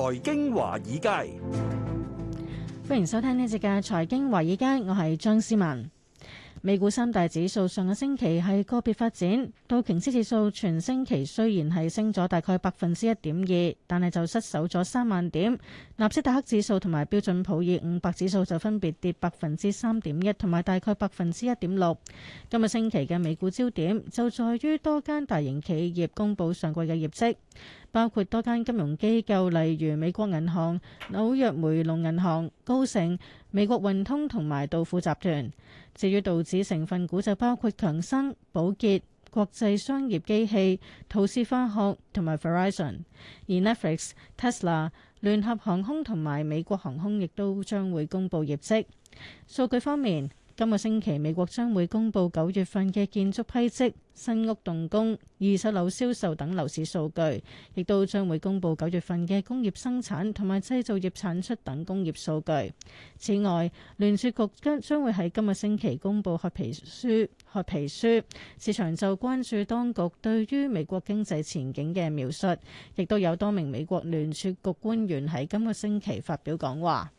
財經華爾街，歡迎收聽呢一節嘅財經華爾街，我係張思文。美股三大指數上一星期係個別發展，道瓊斯指數全星期雖然係升咗大概百分之一點二，但係就失守咗三萬點。納斯達克指數同埋標準普爾五百指數就分別跌百分之三點一同埋大概百分之一點六。今個星期嘅美股焦點就在於多間大型企業公布上季嘅業績。包括多間金融機構，例如美國銀行、紐約梅隆銀行、高盛、美國運通同埋道富集團。至於道指成分股，就包括強生、寶潔、國際商業機器、陶氏化學同埋 Verizon。而 Netflix、Tesla、聯合航空同埋美國航空亦都將會公布業績。數據方面。今個星期，美國將會公布九月份嘅建築批積、新屋動工、二手樓銷售等樓市數據，亦都將會公布九月份嘅工業生產同埋製造業產出等工業數據。此外，聯儲局將會喺今個星期公布褐皮書。褐皮書市場就關注當局對於美國經濟前景嘅描述，亦都有多名美國聯儲局官員喺今個星期發表講話。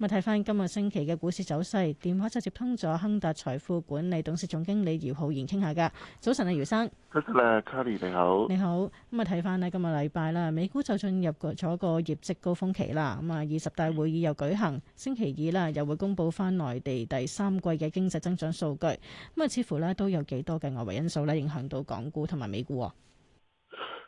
咪睇翻今日星期嘅股市走勢，電話就接通咗亨達財富管理董事總經理姚浩然傾下。噶早晨啊，姚生，多謝啦，Carrie，你好，你好。咁啊，睇翻咧，今個禮拜啦，美股就進入咗個業績高峰期啦。咁啊，二十大會議又舉行，星期二啦，又會公布翻內地第三季嘅經濟增長數據。咁啊，似乎咧都有幾多嘅外圍因素咧影響到港股同埋美股。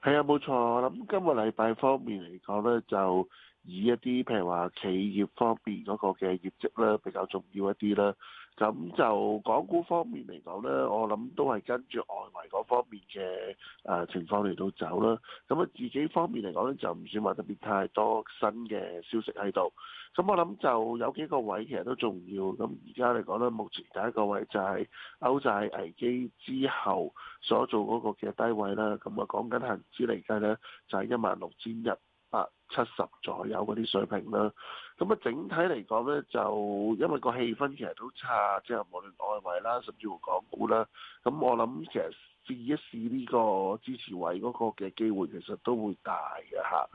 係啊，冇錯。我諗今個禮拜方面嚟講咧，就以一啲譬如話企業方面嗰個嘅業績咧，比較重要一啲啦。咁就港股方面嚟講呢，我諗都係跟住外圍嗰方面嘅誒情況嚟到走啦。咁啊，自己方面嚟講呢，就唔算話特別太多新嘅消息喺度。咁我諗就有幾個位其實都重要。咁而家嚟講呢，目前第一個位就係歐債危機之後所做嗰個嘅低位啦。咁啊，講緊恆指嚟計呢，就係一萬六千一。百七十左右嗰啲水平啦，咁、嗯、啊整體嚟講咧，就因為個氣氛其實都差，即、就、係、是、無論外圍啦，甚至乎港股啦，咁、嗯、我諗其實試一試呢個支持位嗰個嘅機會其實都會大嘅吓。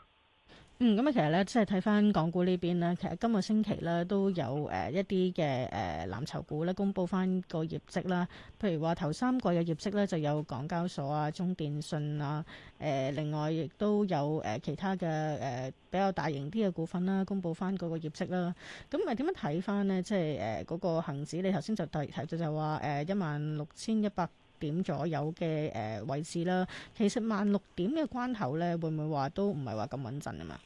嗯，咁啊，其實咧，即係睇翻港股呢邊呢，其實今個星期咧都有誒、呃、一啲嘅誒藍籌股咧，公布翻個業績啦。譬如話頭三季嘅業績咧，就有港交所啊、中電信啊，誒、呃、另外亦都有誒、呃、其他嘅誒、呃、比較大型啲嘅股份啦，公布翻嗰個業績啦。咁咪點樣睇翻呢？即係誒嗰個恆指，你頭先就提，提就就話誒一萬六千一百。呃 16, 點左右嘅誒位置啦，其實萬六點嘅關口咧，會唔會話都唔係話咁穩陣啊嘛？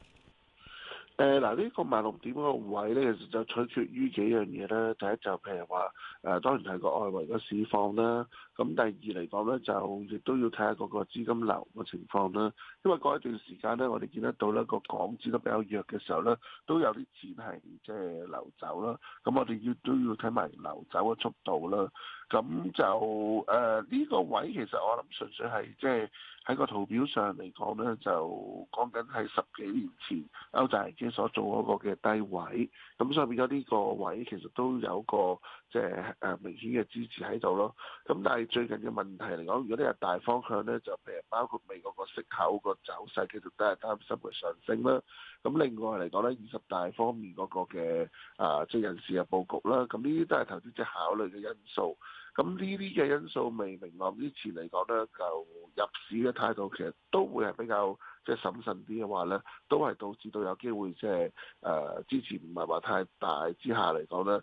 誒、呃，嗱、這個，呢個萬六點個位咧，其實就取決於幾樣嘢啦。第、就、一、是、就譬如話。誒、啊、當然係個外圍嘅市況啦，咁、嗯、第二嚟講咧，就亦都要睇下個個資金流嘅情況啦。因為過一段時間咧，我哋見得到咧個港指都比較弱嘅時候咧，都有啲錢係即係流走啦。咁我哋要都要睇埋流走嘅速度啦。咁就誒呢、呃這個位其實我諗純粹係即係喺個圖表上嚟講咧，就講緊係十幾年前歐債危機所做嗰個嘅低位。咁所以變咗呢個位其實都有個即係，就是誒明顯嘅支持喺度咯，咁但係最近嘅問題嚟講，如果呢啲大方向咧，就譬如包括美國個息口個走勢，其實都係擔心會上升啦。咁另外嚟講咧，二十大方面嗰個嘅啊即係、就是、人事嘅佈局啦，咁呢啲都係投資者考慮嘅因素。咁呢啲嘅因素未明朗之前嚟講咧，就入市嘅態度其實都會係比較。即係審慎啲嘅話咧，都係導致到有機會即係誒支持唔係話太大之下嚟講咧，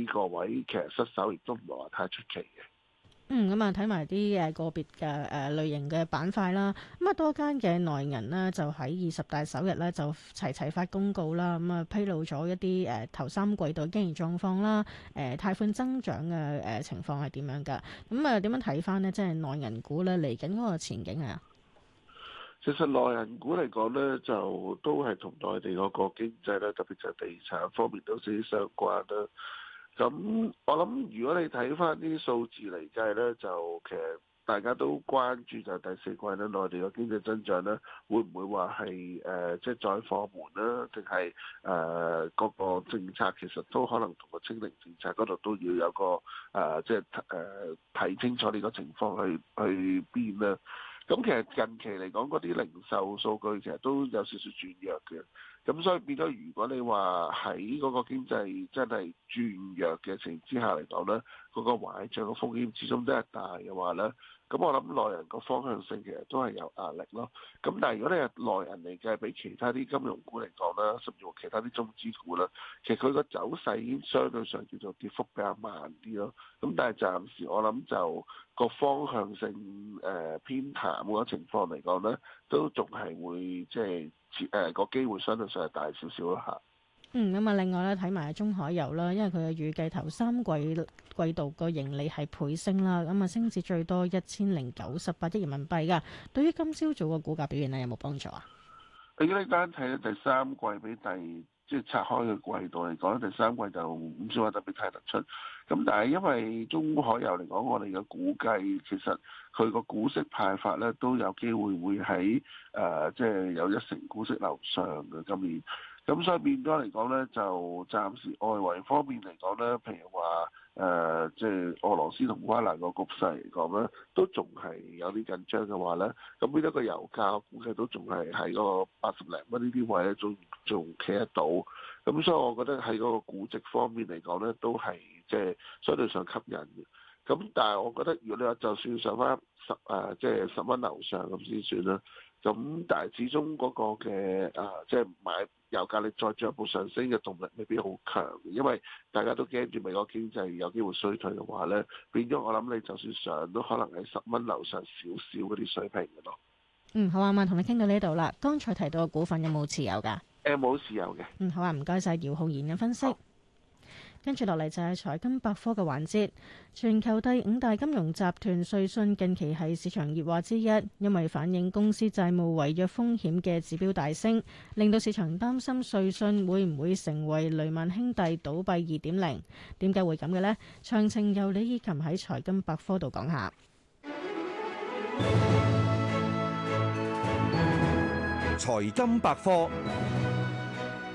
呢、這個位其實失手亦都唔係話太出奇嘅、嗯。嗯，咁啊睇埋啲誒個別嘅誒、呃、類型嘅板塊啦，咁啊多間嘅內銀呢，就喺二十大首日咧就齊齊發公告啦，咁、嗯、啊披露咗一啲誒、呃、頭三季度經營狀況啦，誒貸款增長嘅誒、呃、情況係點樣㗎？咁啊點樣睇翻呢？即係內銀股咧嚟緊嗰個前景係、啊？其實內人股嚟講咧，就都係同內地嗰個經濟咧，特別就係地產方面都息息相關啦。咁我諗，如果你睇翻啲數字嚟計咧，就其實大家都關注就第四季咧內地個經濟增長咧，會唔會話係誒即係再放緩咧，定係誒嗰個政策其實都可能同個清零政策嗰度都要有個誒即係誒睇清楚你個情況去去邊咧。咁其實近期嚟講，嗰啲零售數據其實都有少少轉弱嘅，咁所以變咗，如果你話喺嗰個經濟真係轉弱嘅情況之下嚟講咧，嗰、嗰個壞帳嘅風險始終都係大嘅話咧。咁我諗內銀個方向性其實都係有壓力咯。咁但係如果你係內銀嚟嘅，比其他啲金融股嚟講啦，甚至乎其他啲中資股啦，其實佢個走勢已經相對上叫做跌幅比較慢啲咯。咁但係暫時我諗就個方向性誒、呃、偏淡嗰情況嚟講咧，都仲係會即係誒個機會相對上係大少少一下。嗯，咁啊，另外咧睇埋中海油啦，因為佢嘅預計頭三季季度個盈利係倍升啦，咁、嗯、啊升至最多一千零九十八億人民幣噶。對於今朝早個股價表現咧，有冇幫助啊？你單睇第三季比第即係拆開嘅季度嚟講，第三季就唔算話特別太突出。咁但係，因為中海油嚟講，我哋嘅估計其實佢個股息派發咧都有機會會喺誒、呃、即係有一成股息樓上嘅今年。咁所以變咗嚟講咧，就暫時外圍方面嚟講咧，譬如話誒，即係俄羅斯同烏克蘭個局勢嚟講咧，都仲係有啲緊張嘅話咧。咁呢一個油價估計都仲係喺嗰個八十零蚊呢啲位，仲仲企得到。咁所以我覺得喺嗰個估值方面嚟講咧，都係即係相對上吸引嘅。咁但係我覺得，如果你話就算上翻十誒，即係十蚊樓上咁先算啦。咁但係始終嗰個嘅啊，即係買。油價，你再進一步上升嘅動力未必好強，因為大家都驚住，美國經濟有機會衰退嘅話咧，變咗我諗你就算上都可能喺十蚊樓上少少嗰啲水平嘅咯。嗯，好啊，咁同你傾到呢度啦。剛才提到嘅股份有冇持有噶？誒、欸，冇持有嘅。嗯，好啊，唔該晒，姚浩然嘅分析。跟住落嚟就係財金百科嘅環節，全球第五大金融集團瑞信近期係市場熱話之一，因為反映公司債務違約風險嘅指標大升，令到市場擔心瑞信會唔會成為雷曼兄弟倒閉二點零？點解會噉嘅呢？詳情由李以琴喺財金百科度講下。財金百科。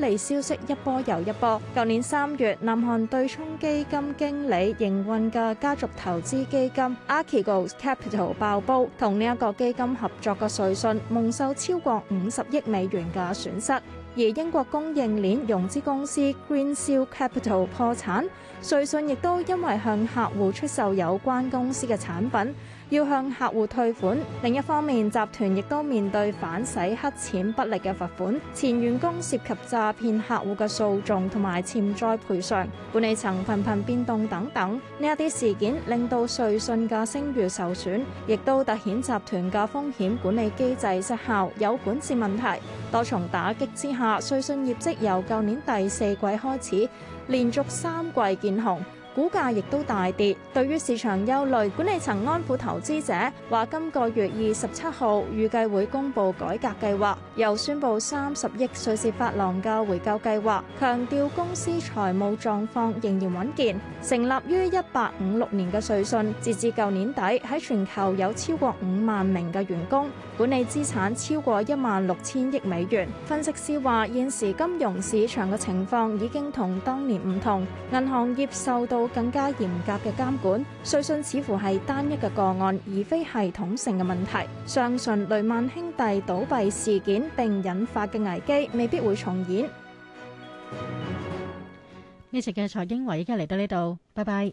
利消息一波又一波。舊年三月，南韓對沖基金經理營運嘅家族投資基金 Archegos Capital 爆煲，同呢一個基金合作嘅瑞信蒙受超過五十億美元嘅損失。而英國供應鏈融資公司 Greensill Capital 破產，瑞信亦都因為向客戶出售有關公司嘅產品，要向客戶退款，另一方面集團亦都面對反洗黑錢不力嘅罰款，前員工涉及詐騙客戶嘅訴訟同埋潛在賠償，管理層頻頻變動等等，呢一啲事件令到瑞信嘅聲譽受損，亦都凸顯集團嘅風險管理機制失效，有管治問題。多重打擊之下，瑞信業績由舊年第四季開始，連續三季見紅。股價亦都大跌，對於市場憂慮，管理層安撫投資者，話今個月二十七號預計會公佈改革計劃，又宣布三十億瑞士法郎嘅回購計劃，強調公司財務狀況仍然穩健。成立於一八五六年嘅瑞信，截至舊年底喺全球有超過五萬名嘅員工，管理資產超過一萬六千億美元。分析師話，現時金融市場嘅情況已經同當年唔同，銀行業受到更加嚴格嘅監管，瑞信似乎係單一嘅個，個案，而非系統性嘅問題。相信雷曼兄弟倒閉事件並引發嘅危機未必會重演。呢集嘅財經華依家嚟到呢度，拜拜。